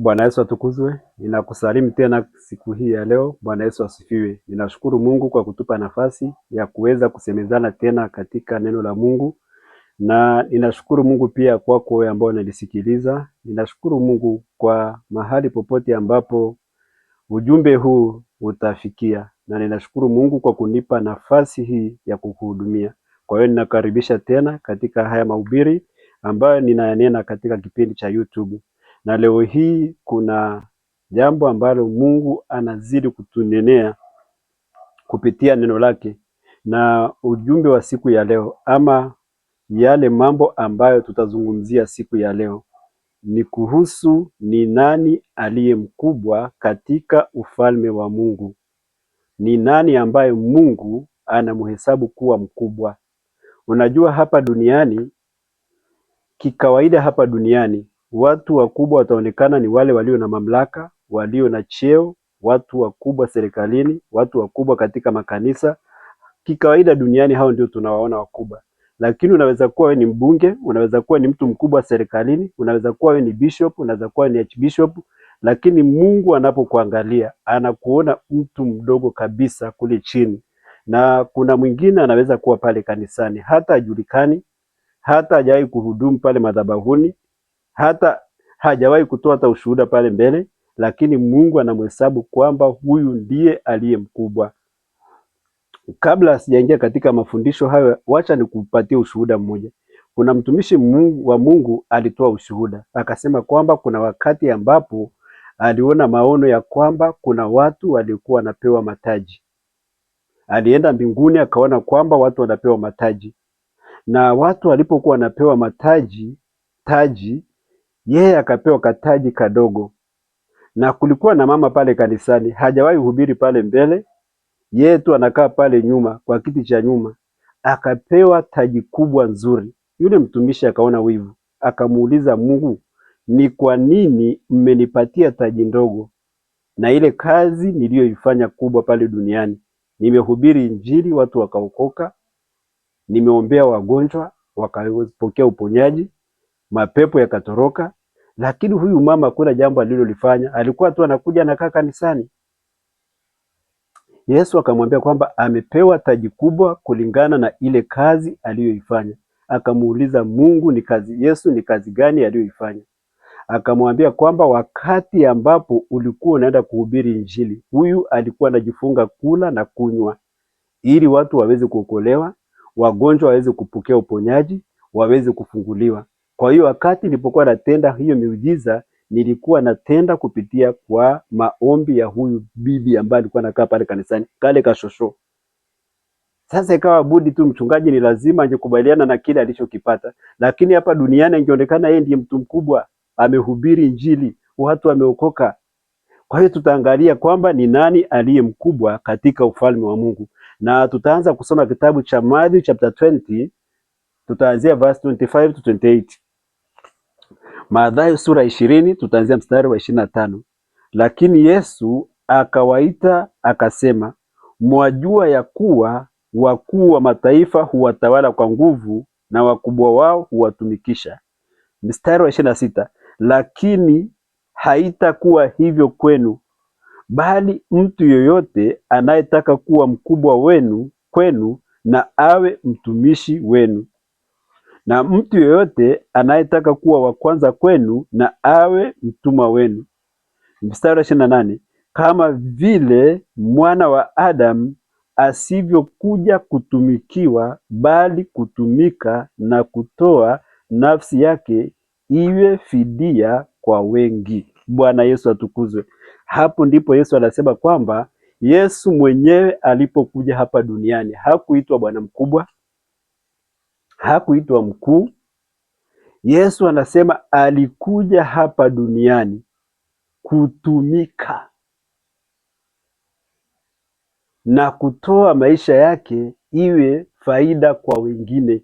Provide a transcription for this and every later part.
Bwana Yesu atukuzwe. Ninakusalimu tena siku hii ya leo. Bwana Yesu asifiwe. Ninashukuru Mungu kwa kutupa nafasi ya kuweza kusemezana tena katika neno la Mungu, na ninashukuru Mungu pia kwako wewe ambao unanisikiliza. Ninashukuru Mungu kwa mahali popote ambapo ujumbe huu utafikia, na ninashukuru Mungu kwa kunipa nafasi hii ya kukuhudumia. Kwa hiyo ninakaribisha tena katika haya mahubiri ambayo ninayanena katika kipindi cha YouTube na leo hii kuna jambo ambalo Mungu anazidi kutunenea kupitia neno lake na ujumbe wa siku ya leo, ama yale mambo ambayo tutazungumzia siku ya leo ni kuhusu ni nani aliye mkubwa katika ufalme wa Mungu. Ni nani ambaye Mungu anamhesabu kuwa mkubwa? Unajua, hapa duniani kikawaida, hapa duniani Watu wakubwa wataonekana ni wale walio na mamlaka, walio na cheo, watu wakubwa serikalini, watu wakubwa katika makanisa. Kikawaida duniani hao ndio tunawaona wakubwa, lakini unaweza kuwa wewe ni mbunge, unaweza kuwa ni mtu mkubwa serikalini, unaweza kuwa wewe ni bishop, unaweza kuwa ni archbishop, lakini Mungu anapokuangalia anakuona mtu mdogo kabisa kule chini, na kuna mwingine anaweza kuwa pale kanisani hata ajulikani hata hajawahi kuhudumu pale madhabahuni hata hajawahi kutoa hata ushuhuda pale mbele, lakini Mungu anamhesabu kwamba huyu ndiye aliye mkubwa. Kabla sijaingia katika mafundisho hayo, wacha nikupatie ushuhuda mmoja. Kuna mtumishi Mungu wa Mungu alitoa ushuhuda akasema kwamba kuna wakati ambapo aliona maono ya kwamba kuna watu walikuwa wanapewa mataji. Alienda mbinguni akaona kwamba watu wanapewa mataji, na watu walipokuwa wanapewa mataji taji yeye akapewa kataji kadogo, na kulikuwa na mama pale kanisani, hajawahi hubiri pale mbele, yeye tu anakaa pale nyuma kwa kiti cha nyuma, akapewa taji kubwa nzuri. Yule mtumishi akaona wivu, akamuuliza Mungu, ni kwa nini mmenipatia taji ndogo na ile kazi niliyoifanya kubwa pale duniani? Nimehubiri Injili, watu wakaokoka, nimeombea wagonjwa wakapokea uponyaji, mapepo yakatoroka, lakini huyu mama kuna jambo alilolifanya, alikuwa tu anakuja anakaa kanisani. Yesu akamwambia kwamba amepewa taji kubwa kulingana na ile kazi aliyoifanya. Akamuuliza Mungu ni kazi, Yesu ni kazi gani aliyoifanya? Akamwambia kwamba wakati ambapo ulikuwa unaenda kuhubiri Injili, huyu alikuwa anajifunga kula na kunywa ili watu waweze kuokolewa, wagonjwa waweze kupokea uponyaji, waweze kufunguliwa. Kwa hiyo wakati nilipokuwa natenda hiyo miujiza, nilikuwa natenda kupitia kwa maombi ya huyu bibi ambaye alikuwa anakaa pale kanisani kale kashosho. Sasa ikawa budi tu mchungaji ni lazima angekubaliana na kile alichokipata, lakini hapa duniani angeonekana yeye ndiye mtu mkubwa, amehubiri Injili, watu wameokoka. Kwa hiyo tutaangalia kwamba ni nani aliye mkubwa katika ufalme wa Mungu, na tutaanza kusoma kitabu cha Mathayo chapter 20 tutaanzia verse 25 to 28. Mathayo sura ishirini tutaanzia mstari wa ishirini na tano. Lakini Yesu akawaita akasema, mwajua ya kuwa wakuu wa mataifa huwatawala kwa nguvu na wakubwa wao huwatumikisha. Mstari wa ishirini na sita, lakini haitakuwa hivyo kwenu, bali mtu yoyote anayetaka kuwa mkubwa wenu kwenu na awe mtumishi wenu, na mtu yeyote anayetaka kuwa wa kwanza kwenu na awe mtumwa wenu. Mstari wa ishirini na nane kama vile mwana wa Adamu asivyokuja kutumikiwa, bali kutumika na kutoa nafsi yake iwe fidia kwa wengi. Bwana Yesu atukuzwe. Hapo ndipo Yesu anasema kwamba Yesu mwenyewe alipokuja hapa duniani hakuitwa bwana mkubwa hakuitwa mkuu. Yesu anasema alikuja hapa duniani kutumika na kutoa maisha yake iwe faida kwa wengine.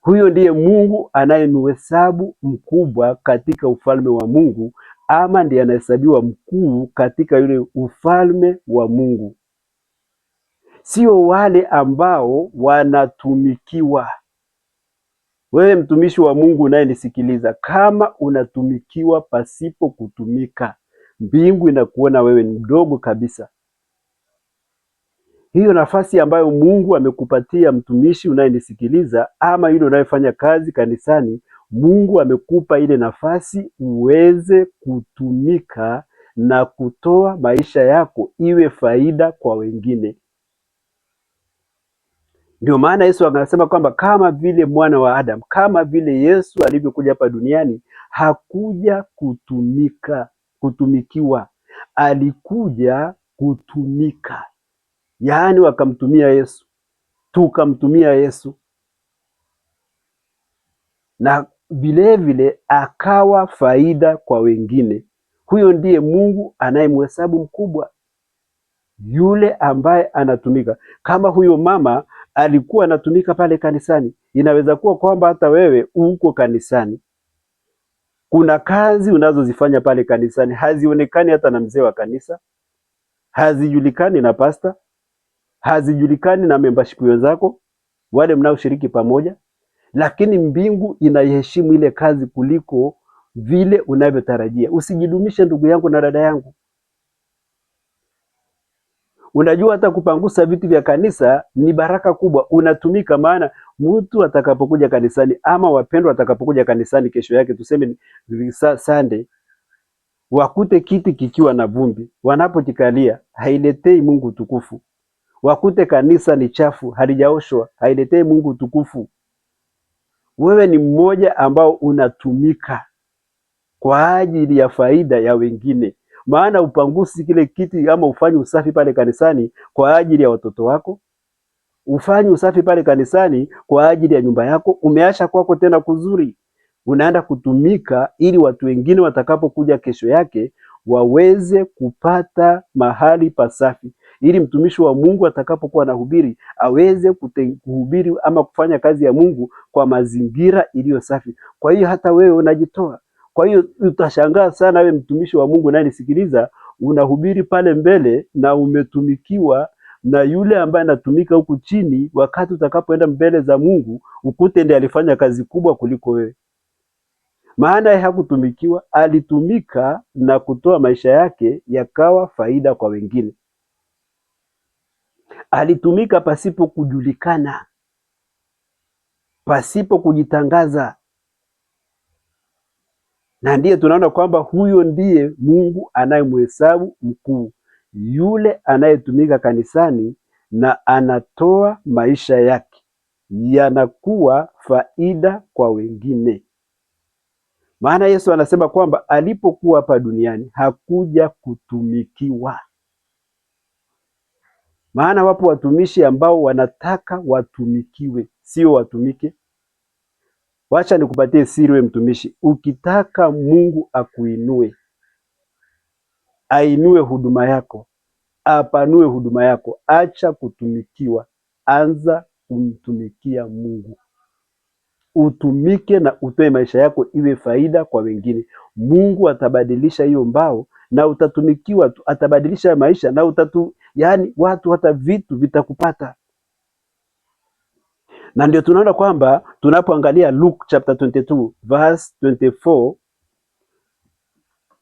Huyo ndiye Mungu anayemhesabu mkubwa katika ufalme wa Mungu, ama ndiye anahesabiwa mkuu katika yule ufalme wa Mungu sio wale ambao wanatumikiwa. Wewe mtumishi wa Mungu unayenisikiliza, kama unatumikiwa pasipo kutumika, mbingu inakuona wewe ni mdogo kabisa. Hiyo nafasi ambayo Mungu amekupatia mtumishi unayenisikiliza, ama yule unayefanya kazi kanisani, Mungu amekupa ile nafasi uweze kutumika na kutoa maisha yako iwe faida kwa wengine. Ndio maana Yesu anasema kwamba kama vile mwana wa Adamu, kama vile Yesu alivyokuja hapa duniani, hakuja kutumika kutumikiwa, alikuja kutumika. Yaani wakamtumia Yesu, tukamtumia Yesu, na vilevile akawa faida kwa wengine. Huyo ndiye Mungu anayemhesabu mkubwa, yule ambaye anatumika kama huyo mama alikuwa anatumika pale kanisani. Inaweza kuwa kwamba hata wewe uko kanisani, kuna kazi unazozifanya pale kanisani hazionekani hata na mzee wa kanisa, hazijulikani na pasta, hazijulikani na membership wenzako wale mnaoshiriki pamoja, lakini mbingu inaiheshimu ile kazi kuliko vile unavyotarajia. Usijidumishe ndugu yangu na dada yangu. Unajua hata kupangusa vitu vya kanisa ni baraka kubwa, unatumika. Maana mtu atakapokuja kanisani ama wapendwa atakapokuja kanisani kesho yake, tuseme ni Sunday, wakute kiti kikiwa na vumbi, wanapokikalia hailetei Mungu tukufu Wakute kanisa ni chafu, halijaoshwa, hailetei Mungu tukufu Wewe ni mmoja ambao unatumika kwa ajili ya faida ya wengine maana upangusi kile kiti ama ufanye usafi pale kanisani kwa ajili ya watoto wako, ufanye usafi pale kanisani kwa ajili ya nyumba yako, umeacha kwako tena kuzuri, unaenda kutumika ili watu wengine watakapokuja kesho yake waweze kupata mahali pasafi, ili mtumishi wa Mungu atakapokuwa anahubiri aweze kuhubiri ama kufanya kazi ya Mungu kwa mazingira iliyo safi. Kwa hiyo hata wewe unajitoa kwa hiyo utashangaa sana we mtumishi wa Mungu nisikiliza, unahubiri pale mbele na umetumikiwa na yule ambaye anatumika huku chini, wakati utakapoenda mbele za Mungu ukute ndiye alifanya kazi kubwa kuliko wewe. Maana yeye hakutumikiwa, alitumika na kutoa maisha yake yakawa faida kwa wengine. Alitumika pasipo kujulikana, pasipo kujitangaza, na ndiye tunaona kwamba huyo ndiye Mungu anayemhesabu mkuu yule anayetumika kanisani na anatoa maisha yake yanakuwa faida kwa wengine. Maana Yesu anasema kwamba alipokuwa hapa duniani hakuja kutumikiwa. Maana wapo watumishi ambao wanataka watumikiwe, sio watumike. Wacha nikupatie siri, we mtumishi, ukitaka Mungu akuinue, ainue huduma yako, apanue huduma yako, acha kutumikiwa, anza kumtumikia Mungu, utumike na utoe maisha yako iwe faida kwa wengine. Mungu atabadilisha hiyo mbao na utatumikiwa tu, atabadilisha maisha na utatu, yani watu hata vitu vitakupata na ndio tunaona kwamba tunapoangalia Luke chapter 22 verse 24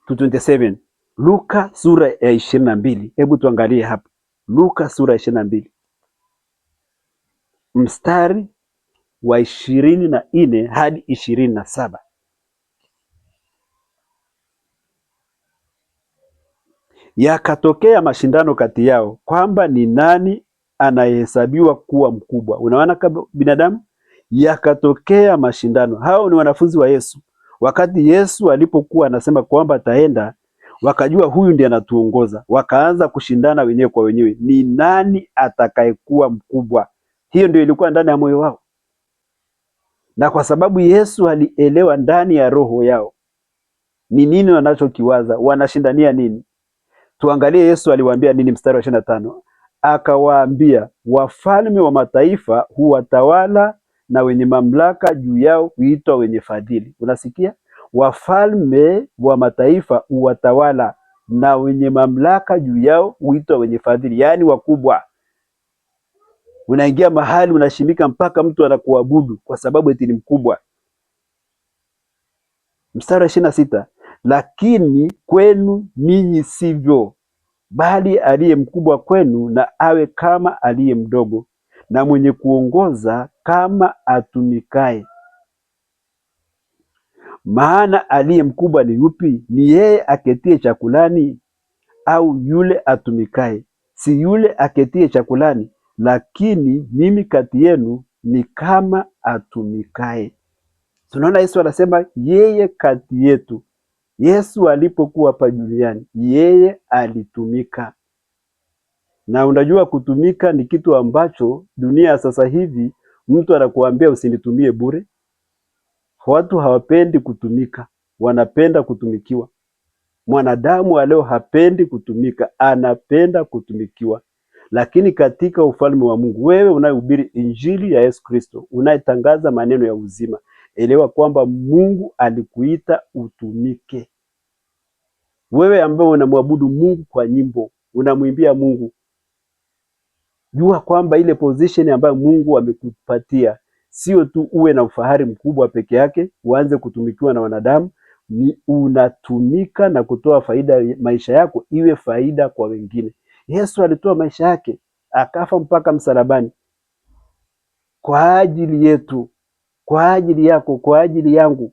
to 27, Luka sura ya 22. Hebu tuangalie hapa Luka sura ya 22 mstari wa ishirini na nne hadi ishirini na saba. Yakatokea mashindano kati yao kwamba ni nani anahesabiwa kuwa mkubwa. Unaona, kama binadamu, yakatokea mashindano. Hao ni wanafunzi wa Yesu. Wakati Yesu alipokuwa anasema kwamba ataenda, wakajua huyu ndiye anatuongoza, wakaanza kushindana wenyewe kwa wenyewe, ni nani atakayekuwa mkubwa. Hiyo ndio ilikuwa ndani ya moyo wao, na kwa sababu Yesu alielewa ndani ya roho yao ni nini wanachokiwaza, wanashindania nini. Tuangalie Yesu aliwaambia nini, mstari wa ishirini na tano akawaambia, wafalme wa mataifa huwatawala na wenye mamlaka juu yao huitwa wenye fadhili. Unasikia, wafalme wa mataifa huwatawala na wenye mamlaka juu yao huitwa wenye fadhili, yaani wakubwa. Unaingia mahali unashimika mpaka mtu anakuabudu kwa sababu eti ni mkubwa. Mstari wa ishirini na sita, lakini kwenu ninyi sivyo Bali aliye mkubwa kwenu na awe kama aliye mdogo, na mwenye kuongoza kama atumikaye. Maana aliye mkubwa ni yupi? Ni yeye aketie chakulani au yule atumikaye? Si yule aketie chakulani? Lakini mimi kati yenu ni kama atumikaye. Tunaona Yesu anasema yeye kati yetu Yesu alipokuwa hapa duniani, yeye alitumika, na unajua kutumika ni kitu ambacho dunia sasa hivi mtu anakuambia usinitumie bure. Watu hawapendi kutumika, wanapenda kutumikiwa. Mwanadamu aleo hapendi kutumika, anapenda kutumikiwa. Lakini katika ufalme wa Mungu, wewe unayehubiri injili ya Yesu Kristo, unayetangaza maneno ya uzima elewa kwamba Mungu alikuita utumike. Wewe ambaye unamwabudu Mungu kwa nyimbo, unamwimbia Mungu, jua kwamba ile position ambayo Mungu amekupatia sio tu uwe na ufahari mkubwa peke yake, uanze kutumikiwa na wanadamu. Ni unatumika na kutoa faida, maisha yako iwe faida kwa wengine. Yesu alitoa maisha yake akafa mpaka msalabani kwa ajili yetu kwa ajili yako, kwa ajili yangu.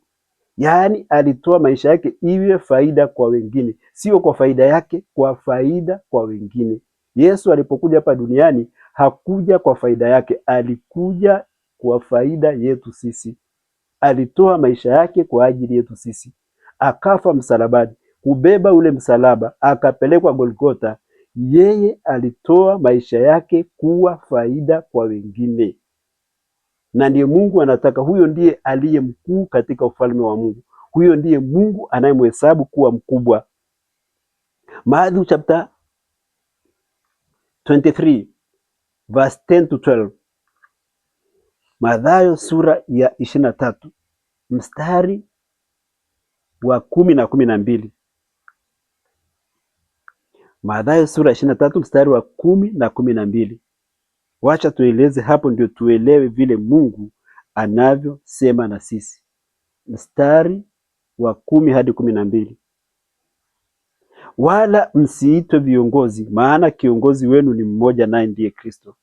Yaani alitoa maisha yake iwe faida kwa wengine, sio kwa faida yake, kwa faida kwa wengine. Yesu alipokuja hapa duniani hakuja kwa faida yake, alikuja kwa faida yetu sisi. Alitoa maisha yake kwa ajili yetu sisi, akafa msalabani, kubeba ule msalaba, akapelekwa golgota Yeye alitoa maisha yake kuwa faida kwa wengine na ndiye Mungu anataka. Huyo ndiye aliye mkuu katika ufalme wa Mungu. Huyo ndiye Mungu anayemhesabu kuwa mkubwa. Matthew chapter 23 verse 10 to 12. Mathayo sura ya ishirini na tatu mstari wa kumi na kumi na mbili. Mathayo sura ya ishirini na tatu mstari wa kumi na kumi na mbili. Wacha tueleze hapo ndio tuelewe vile Mungu anavyosema na sisi. Mstari wa kumi hadi kumi na mbili wala msiitwe viongozi, maana kiongozi wenu ni mmoja, naye ndiye Kristo.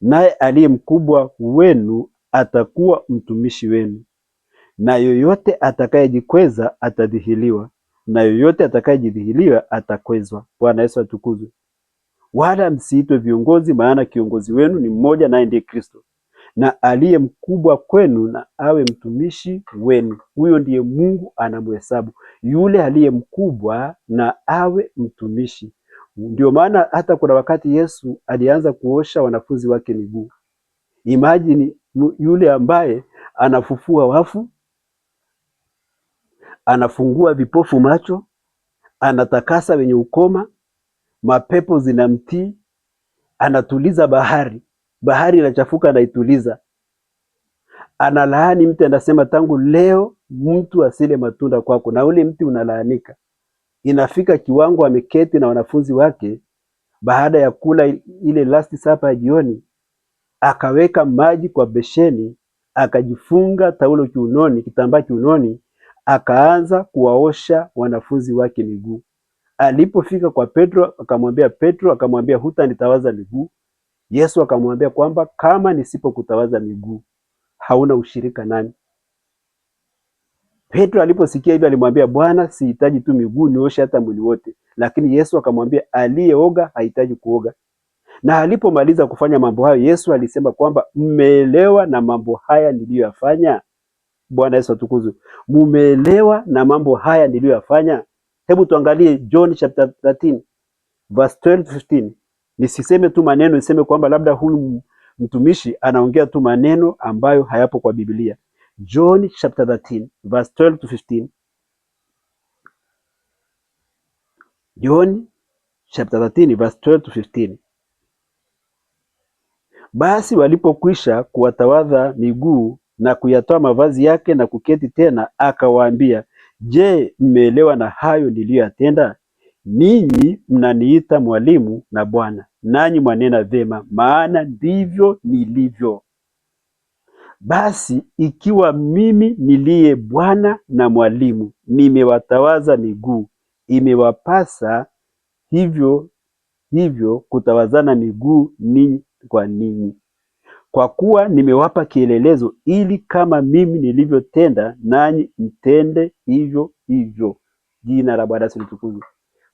Naye aliye mkubwa wenu atakuwa mtumishi wenu, na yoyote atakayejikweza atadhihiliwa, na yoyote atakayejidhihiliwa atakwezwa. Bwana Yesu atukuzwe wala msiitwe viongozi, maana kiongozi wenu ni mmoja, naye ndiye Kristo. Na aliye mkubwa kwenu na awe mtumishi wenu. Huyo ndiye Mungu anamhesabu yule aliye mkubwa na awe mtumishi. Ndio maana hata kuna wakati Yesu alianza kuosha wanafunzi wake miguu. Imagine yule ambaye anafufua wafu, anafungua vipofu macho, anatakasa wenye ukoma mapepo zinamtii, anatuliza bahari, bahari inachafuka, anaituliza. Analaani mti, anasema tangu leo mtu asile matunda kwako, na ule mti unalaanika. Inafika kiwango ameketi na wanafunzi wake, baada ya kula ile last supper ya jioni, akaweka maji kwa besheni, akajifunga taulo kiunoni, kitambaa kiunoni, akaanza kuwaosha wanafunzi wake miguu. Alipofika kwa Petro akamwambia Petro akamwambia hutanitawaza miguu. Yesu akamwambia kwamba kama nisipokutawaza miguu hauna ushirika nami. Petro aliposikia hivyo alimwambia Bwana, sihitaji tu miguu, nioshe hata mwili wote. Lakini Yesu akamwambia aliyeoga hahitaji kuoga. Na alipomaliza kufanya mambo hayo, Yesu alisema kwamba mmeelewa na mambo haya niliyoyafanya. Bwana Yesu atukuzwe. Mmeelewa na mambo haya niliyoyafanya. Hebu tuangalie John chapter 13 verse 12 15. Nisiseme tu maneno, niseme kwamba labda huyu mtumishi anaongea tu maneno ambayo hayapo kwa Biblia. John chapter 13 verse 12 to 15. John chapter 13 verse 12 to 15. Basi walipokwisha kuwatawadha miguu na kuyatoa mavazi yake na kuketi tena, akawaambia Je, mmeelewa na hayo niliyoyatenda? Ninyi mnaniita mwalimu na Bwana, nanyi mwanena vema maana ndivyo nilivyo. Basi ikiwa mimi niliye Bwana na mwalimu nimewatawaza miguu, imewapasa hivyo hivyo kutawazana miguu ninyi kwa ninyi. Kwa kuwa nimewapa kielelezo, ili kama mimi nilivyotenda, nanyi mtende hivyo hivyo. Jina la Bwana silitukuzwe.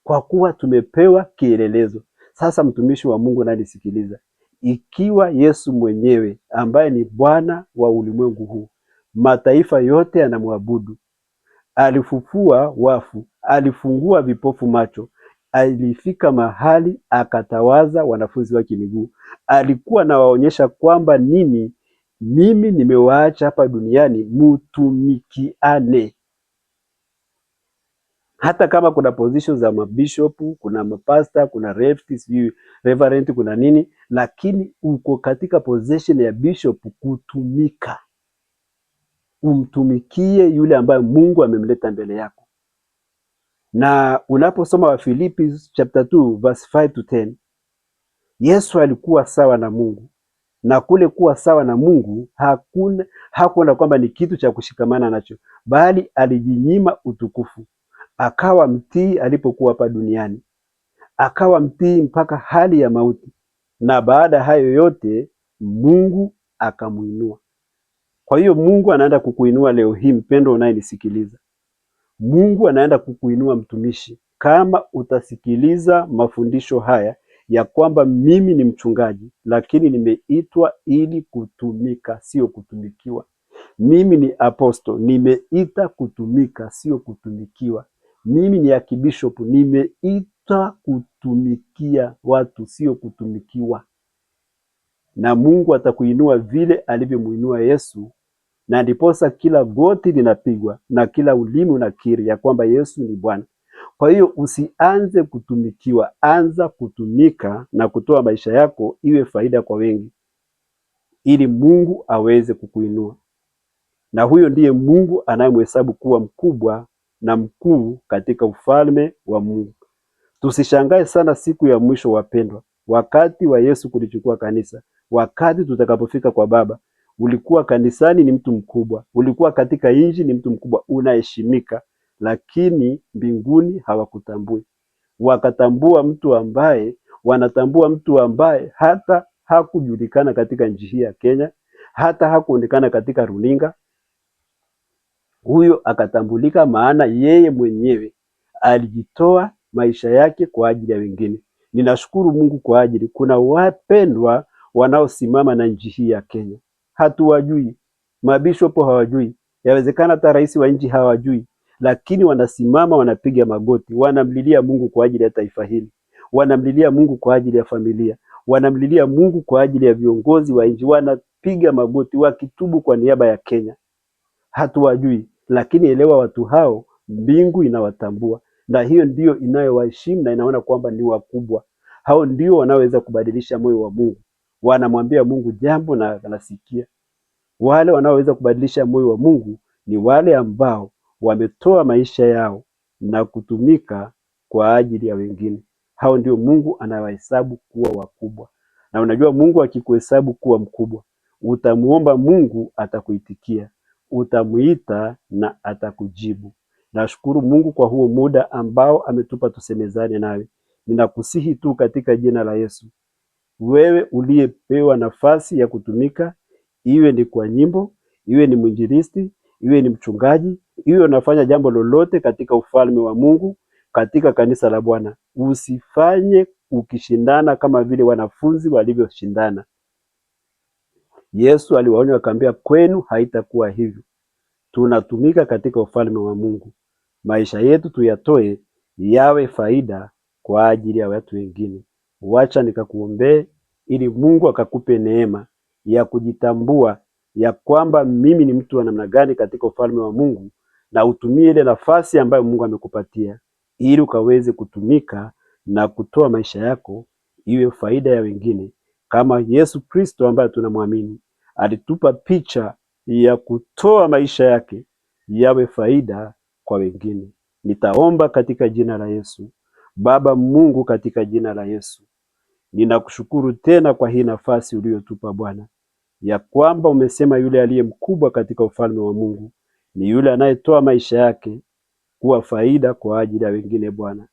Kwa kuwa tumepewa kielelezo. Sasa mtumishi wa Mungu nanisikiliza, ikiwa Yesu mwenyewe ambaye ni Bwana wa ulimwengu huu, mataifa yote yanamwabudu, alifufua wafu, alifungua vipofu macho, alifika mahali akatawaza wanafunzi wake miguu. Alikuwa nawaonyesha kwamba nini mimi nimewaacha hapa duniani, mutumikiane. Hata kama kuna position za mabishop, kuna mapasta, kuna refti, sijui reverend, kuna nini, lakini uko katika position ya bishop kutumika. Umtumikie yule ambaye Mungu amemleta mbele yako na unaposoma Wafilipi chapter 2 verse 5 to 10, Yesu alikuwa sawa na Mungu, na kule kuwa sawa na Mungu hakuna hakuona kwamba ni kitu cha kushikamana nacho, bali alijinyima utukufu, akawa mtii alipokuwa hapa duniani, akawa mtii mpaka hali ya mauti, na baada hayo yote Mungu akamuinua. Kwa hiyo Mungu anaenda kukuinua leo hii, mpendo unayenisikiliza Mungu anaenda kukuinua mtumishi, kama utasikiliza mafundisho haya ya kwamba mimi ni mchungaji, lakini nimeitwa ili kutumika, sio kutumikiwa. Mimi ni aposto, nimeita kutumika, sio kutumikiwa. Mimi ni akibishopu, nimeita kutumikia watu, sio kutumikiwa. Na Mungu atakuinua vile alivyomuinua Yesu na ndiposa kila goti linapigwa na kila ulimi unakiri ya kwamba Yesu ni Bwana. Kwa hiyo usianze kutumikiwa, anza kutumika na kutoa maisha yako iwe faida kwa wengi, ili Mungu aweze kukuinua, na huyo ndiye Mungu anayemhesabu kuwa mkubwa na mkuu katika ufalme wa Mungu. Tusishangae sana siku ya mwisho, wapendwa, wakati wa Yesu kulichukua kanisa, wakati tutakapofika kwa Baba Ulikuwa kanisani ni mtu mkubwa, ulikuwa katika nchi ni mtu mkubwa, unaheshimika, lakini mbinguni hawakutambui. Wakatambua mtu ambaye, wanatambua mtu ambaye hata hakujulikana katika nchi hii ya Kenya, hata hakuonekana katika runinga. Huyo akatambulika, maana yeye mwenyewe alijitoa maisha yake kwa ajili ya wengine. Ninashukuru Mungu kwa ajili, kuna wapendwa wanaosimama na nchi hii ya Kenya hatuwajui, mabishopo hawajui, yawezekana hata rais wa nchi hawajui, lakini wanasimama, wanapiga magoti, wanamlilia Mungu kwa ajili ya taifa hili, wanamlilia Mungu kwa ajili ya familia, wanamlilia Mungu kwa ajili ya viongozi wa nchi, wanapiga magoti wakitubu kwa niaba ya Kenya. Hatuwajui, lakini elewa, watu hao mbingu inawatambua, na hiyo ndiyo inayowaheshimu na inaona kwamba ni wakubwa. Hao ndio wanaoweza kubadilisha moyo wa Mungu wanamwambia Mungu jambo na anasikia. Wale wanaoweza kubadilisha moyo wa Mungu ni wale ambao wametoa maisha yao na kutumika kwa ajili ya wengine. Hao ndio Mungu anawahesabu kuwa wakubwa. Na unajua Mungu akikuhesabu kuwa mkubwa, utamuomba Mungu atakuitikia, utamuita na atakujibu. Nashukuru Mungu kwa huo muda ambao ametupa tusemezane nawe. Ninakusihi tu katika jina la Yesu wewe uliyepewa nafasi ya kutumika, iwe ni kwa nyimbo, iwe ni mwinjilisti, iwe ni mchungaji, iwe unafanya jambo lolote katika ufalme wa Mungu, katika kanisa la Bwana, usifanye ukishindana kama vile wanafunzi walivyoshindana. Yesu aliwaonya akaambia, kwenu haitakuwa hivyo. Tunatumika katika ufalme wa Mungu, maisha yetu tuyatoe yawe faida kwa ajili ya watu wengine wacha nikakuombee ili Mungu akakupe neema ya kujitambua ya kwamba mimi ni mtu wa namna gani katika ufalme wa Mungu, na utumie ile nafasi ambayo Mungu amekupatia ili ukaweze kutumika na kutoa maisha yako iwe faida ya wengine, kama Yesu Kristo ambaye tunamwamini alitupa picha ya kutoa maisha yake yawe faida kwa wengine. Nitaomba katika jina la Yesu. Baba Mungu, katika jina la Yesu ninakushukuru tena kwa hii nafasi uliyotupa Bwana, ya kwamba umesema yule aliye mkubwa katika ufalme wa Mungu ni yule anayetoa maisha yake kuwa faida kwa ajili ya wengine. Bwana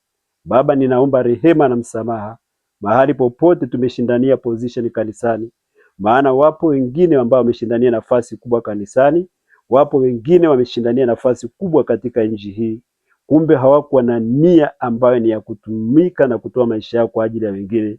Baba, ninaomba rehema na msamaha mahali popote tumeshindania position kanisani, maana wapo wengine ambao wameshindania nafasi kubwa kanisani, wapo wengine wameshindania nafasi kubwa katika nchi hii kumbe hawakuwa na nia ambayo ni ya kutumika na kutoa maisha yao kwa ajili ya wengine,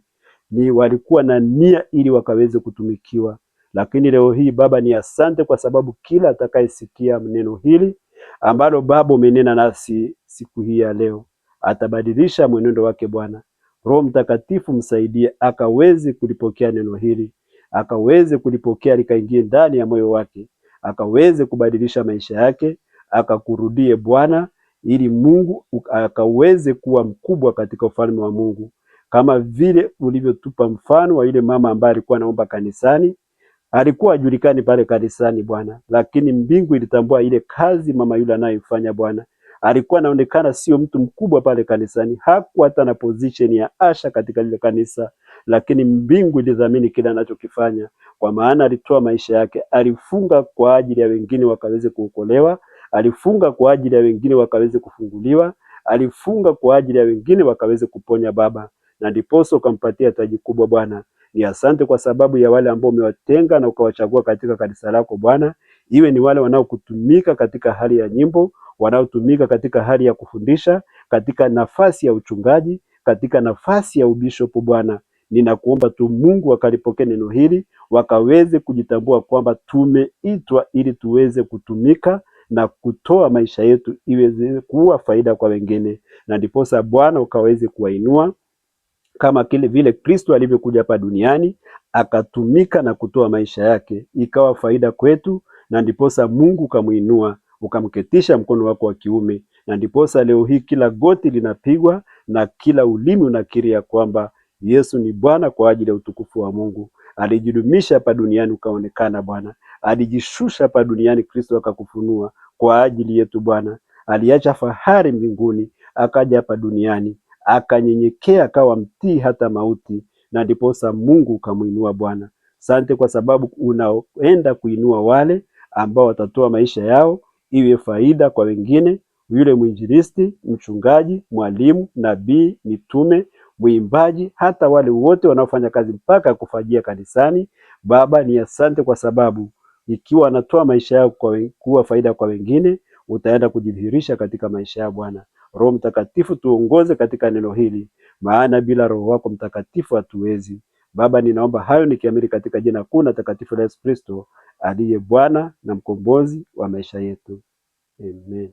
ni walikuwa na nia ili wakaweze kutumikiwa. Lakini leo hii Baba, ni asante kwa sababu kila atakayesikia neno hili ambalo Baba umenena nasi siku hii ya leo atabadilisha mwenendo wake. Bwana Roho Mtakatifu msaidie, akaweze kulipokea neno hili, akaweze kulipokea likaingie ndani ya moyo wake, akaweze kubadilisha maisha yake, akakurudie Bwana ili Mungu akaweze kuwa mkubwa katika ufalme wa Mungu, kama vile ulivyotupa mfano wa ile mama ambaye alikuwa anaomba kanisani. Alikuwa ajulikani pale kanisani Bwana, lakini mbingu ilitambua ile kazi mama yule anayoifanya Bwana. Alikuwa anaonekana sio mtu mkubwa pale kanisani, hakuwa hata na position ya asha katika lile kanisa, lakini mbingu ilidhamini kile anachokifanya, kwa maana alitoa maisha yake, alifunga kwa ajili ya wengine wakaweze kuokolewa. Alifunga kwa ajili ya wengine wakaweze kufunguliwa, alifunga kwa ajili ya wengine wakaweze kuponya Baba, na ndiposa ukampatia taji kubwa Bwana. Ni asante kwa sababu ya wale ambao umewatenga na ukawachagua katika kanisa lako Bwana, iwe ni wale wanaokutumika katika hali ya nyimbo, wanaotumika katika hali ya kufundisha, katika nafasi ya uchungaji, katika nafasi ya ubishopu Bwana. Ninakuomba tu Mungu wakalipokee neno hili, wakaweze kujitambua kwamba tumeitwa ili tuweze kutumika na kutoa maisha yetu iweze kuwa faida kwa wengine, na ndiposa Bwana ukaweze kuwainua kama kile vile Kristo alivyokuja hapa duniani akatumika na kutoa maisha yake ikawa faida kwetu, na ndiposa Mungu ukamwinua ukamketisha mkono wako wa kiume, na ndiposa leo hii kila goti linapigwa na kila ulimi unakiri ya kwamba Yesu ni Bwana kwa ajili ya utukufu wa Mungu. Alijidumisha hapa duniani ukaonekana Bwana, alijishusha hapa duniani, Kristo akakufunua kwa ajili yetu. Bwana aliacha fahari mbinguni, akaja hapa duniani, akanyenyekea, akawa mtii hata mauti, na ndiposa Mungu ukamwinua. Bwana sante kwa sababu unaenda kuinua wale ambao watatoa maisha yao iwe faida kwa wengine, yule mwinjilisti, mchungaji, mwalimu, nabii, mitume, mwimbaji, hata wale wote wanaofanya kazi mpaka kufajia kanisani. Baba, ni asante kwa sababu ikiwa anatoa maisha yako kuwa faida kwa wengine, utaenda kujidhihirisha katika maisha ya Bwana. Roho Mtakatifu, tuongoze katika neno hili, maana bila Roho wako Mtakatifu hatuwezi. Baba, ninaomba hayo nikiamini katika jina kuu na takatifu la Yesu Kristo aliye Bwana na mkombozi wa maisha yetu, amen.